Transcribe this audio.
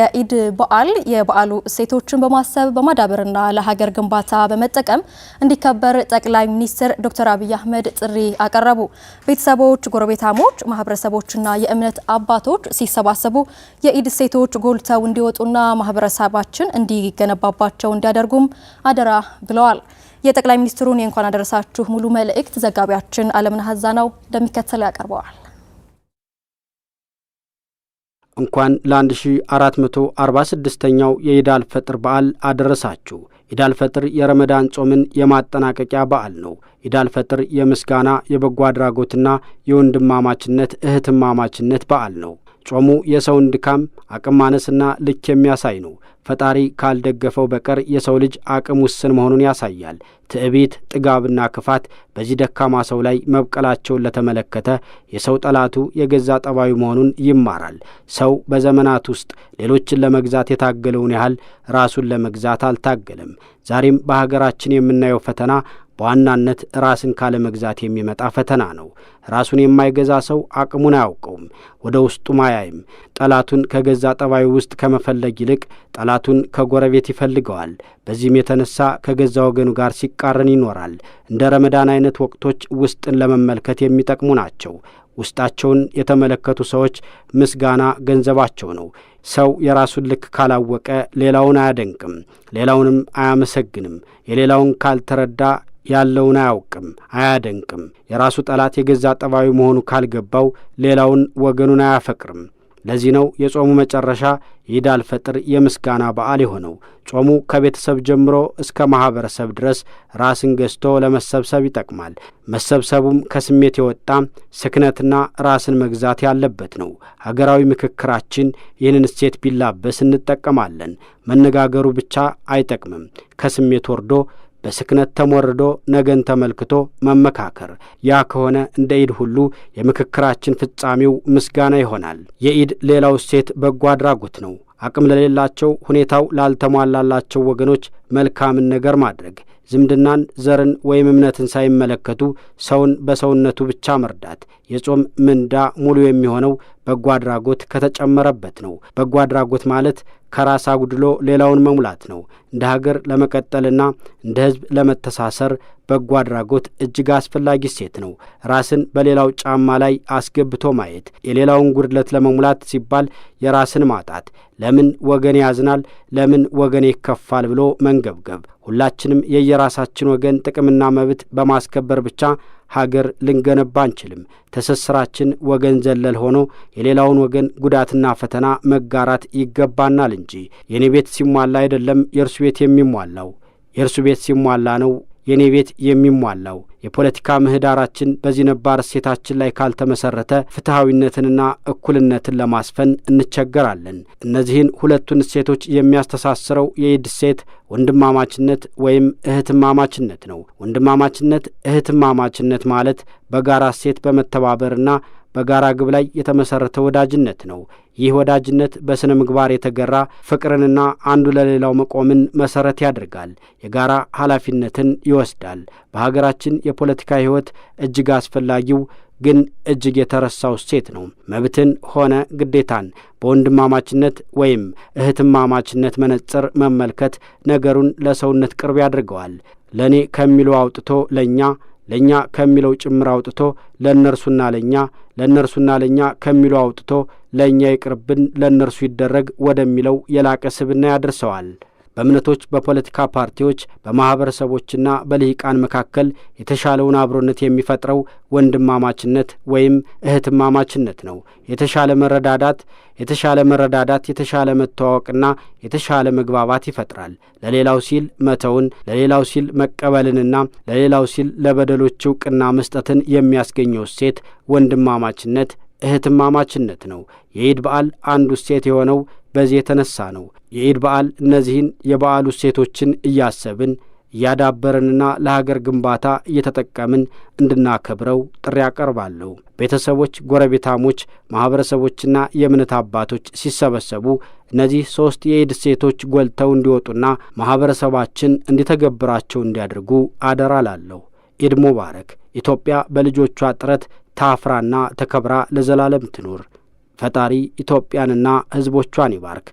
የኢድ በዓል የበዓሉ እሴቶችን በማሰብ በማዳበርና ለሀገር ግንባታ በመጠቀም እንዲከበር ጠቅላይ ሚኒስትር ዶክተር አብይ አህመድ ጥሪ አቀረቡ። ቤተሰቦች፣ ጎረቤታሞች፣ ማህበረሰቦችና የእምነት አባቶች ሲሰባሰቡ የኢድ እሴቶች ጎልተው እንዲወጡና ማህበረሰባችን እንዲገነባባቸው እንዲያደርጉም አደራ ብለዋል። የጠቅላይ ሚኒስትሩን የእንኳን አደረሳችሁ ሙሉ መልእክት ዘጋቢያችን አለምነህ ነው እንደሚከተል ያቀርበዋል። እንኳን ለ1446ኛው የኢዳል ፈጥር በዓል አደረሳችሁ። ኢዳል ፈጥር የረመዳን ጾምን የማጠናቀቂያ በዓል ነው። ኢዳል ፈጥር የምስጋና የበጎ አድራጎትና የወንድማማችነት እህትማማችነት በዓል ነው። ጾሙ የሰውን ድካም አቅም ማነስና ልክ የሚያሳይ ነው። ፈጣሪ ካልደገፈው በቀር የሰው ልጅ አቅም ውስን መሆኑን ያሳያል። ትዕቢት፣ ጥጋብና ክፋት በዚህ ደካማ ሰው ላይ መብቀላቸውን ለተመለከተ የሰው ጠላቱ የገዛ ጠባዩ መሆኑን ይማራል። ሰው በዘመናት ውስጥ ሌሎችን ለመግዛት የታገለውን ያህል ራሱን ለመግዛት አልታገለም። ዛሬም በሀገራችን የምናየው ፈተና በዋናነት ራስን ካለመግዛት የሚመጣ ፈተና ነው። ራሱን የማይገዛ ሰው አቅሙን አያውቀውም፣ ወደ ውስጡም አያይም። ጠላቱን ከገዛ ጠባዩ ውስጥ ከመፈለግ ይልቅ ጠላቱን ከጎረቤት ይፈልገዋል። በዚህም የተነሳ ከገዛ ወገኑ ጋር ሲቃረን ይኖራል። እንደ ረመዳን አይነት ወቅቶች ውስጥን ለመመልከት የሚጠቅሙ ናቸው። ውስጣቸውን የተመለከቱ ሰዎች ምስጋና ገንዘባቸው ነው። ሰው የራሱን ልክ ካላወቀ ሌላውን አያደንቅም፣ ሌላውንም አያመሰግንም። የሌላውን ካልተረዳ ያለውን አያውቅም፣ አያደንቅም። የራሱ ጠላት የገዛ ጠባዩ መሆኑ ካልገባው ሌላውን ወገኑን አያፈቅርም። ለዚህ ነው የጾሙ መጨረሻ ኢድ አልፈጥር የምስጋና በዓል የሆነው። ጾሙ ከቤተሰብ ጀምሮ እስከ ማኅበረሰብ ድረስ ራስን ገዝቶ ለመሰብሰብ ይጠቅማል። መሰብሰቡም ከስሜት የወጣ ስክነትና ራስን መግዛት ያለበት ነው። ሀገራዊ ምክክራችን ይህንን እሴት ቢላበስ እንጠቀማለን። መነጋገሩ ብቻ አይጠቅምም። ከስሜት ወርዶ በስክነት ተሞርዶ ነገን ተመልክቶ መመካከር። ያ ከሆነ እንደ ኢድ ሁሉ የምክክራችን ፍጻሜው ምስጋና ይሆናል። የኢድ ሌላው እሴት በጎ አድራጎት ነው። አቅም ለሌላቸው፣ ሁኔታው ላልተሟላላቸው ወገኖች መልካምን ነገር ማድረግ፣ ዝምድናን፣ ዘርን ወይም እምነትን ሳይመለከቱ ሰውን በሰውነቱ ብቻ መርዳት። የጾም ምንዳ ሙሉ የሚሆነው በጎ አድራጎት ከተጨመረበት ነው። በጎ አድራጎት ማለት ከራስ አጉድሎ ሌላውን መሙላት ነው። እንደ ሀገር ለመቀጠልና እንደ ሕዝብ ለመተሳሰር በጎ አድራጎት እጅግ አስፈላጊ እሴት ነው። ራስን በሌላው ጫማ ላይ አስገብቶ ማየት፣ የሌላውን ጉድለት ለመሙላት ሲባል የራስን ማጣት፣ ለምን ወገኔ ያዝናል፣ ለምን ወገኔ ይከፋል ብሎ መንገብገብ፣ ሁላችንም የየራሳችን ወገን ጥቅምና መብት በማስከበር ብቻ ሀገር ልንገነባ አንችልም። ትስስራችን ወገን ዘለል ሆኖ የሌላውን ወገን ጉዳትና ፈተና መጋራት ይገባናል እንጂ የኔ ቤት ሲሟላ አይደለም የእርሱ ቤት የሚሟላው፣ የእርሱ ቤት ሲሟላ ነው የኔ ቤት የሚሟላው የፖለቲካ ምህዳራችን በዚህ ነባር እሴታችን ላይ ካልተመሰረተ ፍትሐዊነትንና እኩልነትን ለማስፈን እንቸገራለን። እነዚህን ሁለቱን እሴቶች የሚያስተሳስረው የኢድ እሴት ወንድማማችነት ወይም እህትማማችነት ነው። ወንድማማችነት፣ እህትማማችነት ማለት በጋራ እሴት በመተባበርና በጋራ ግብ ላይ የተመሰረተ ወዳጅነት ነው። ይህ ወዳጅነት በሥነ ምግባር የተገራ ፍቅርንና አንዱ ለሌላው መቆምን መሠረት ያደርጋል። የጋራ ኃላፊነትን ይወስዳል። በሀገራችን የፖለቲካ ሕይወት እጅግ አስፈላጊው ግን እጅግ የተረሳው እሴት ነው። መብትን ሆነ ግዴታን በወንድማማችነት ወይም እህትማማችነት መነጽር መመልከት ነገሩን ለሰውነት ቅርብ ያደርገዋል። ለእኔ ከሚለው አውጥቶ ለእኛ ለእኛ ከሚለው ጭምር አውጥቶ ለእነርሱና ለእኛ ለእነርሱና ለእኛ ከሚለው አውጥቶ ለእኛ ይቅርብን ለእነርሱ ይደረግ ወደሚለው የላቀ ስብና ያደርሰዋል። በእምነቶች፣ በፖለቲካ ፓርቲዎች፣ በማህበረሰቦችና በልሂቃን መካከል የተሻለውን አብሮነት የሚፈጥረው ወንድማማችነት ወይም እህትማማችነት ነው። የተሻለ መረዳዳት የተሻለ መረዳዳት የተሻለ መተዋወቅና የተሻለ መግባባት ይፈጥራል። ለሌላው ሲል መተውን፣ ለሌላው ሲል መቀበልንና ለሌላው ሲል ለበደሎች እውቅና መስጠትን የሚያስገኘው እሴት ወንድማማችነት እህትማማችነት ነው። የኢድ በዓል አንዱ እሴት የሆነው በዚህ የተነሳ ነው። የኢድ በዓል እነዚህን የበዓሉ እሴቶችን እያሰብን እያዳበርንና ለሀገር ግንባታ እየተጠቀምን እንድናከብረው ጥሪ ያቀርባለሁ። ቤተሰቦች፣ ጎረቤታሞች፣ ማኅበረሰቦችና የእምነት አባቶች ሲሰበሰቡ እነዚህ ሦስት የኢድ እሴቶች ጎልተው እንዲወጡና ማኅበረሰባችን እንዲተገብራቸው እንዲያደርጉ አደራ ላለሁ። ኢድ ሙባረክ። ኢትዮጵያ በልጆቿ ጥረት ታፍራና ተከብራ ለዘላለም ትኑር። ፈጣሪ ኢትዮጵያንና ሕዝቦቿን ይባርክ።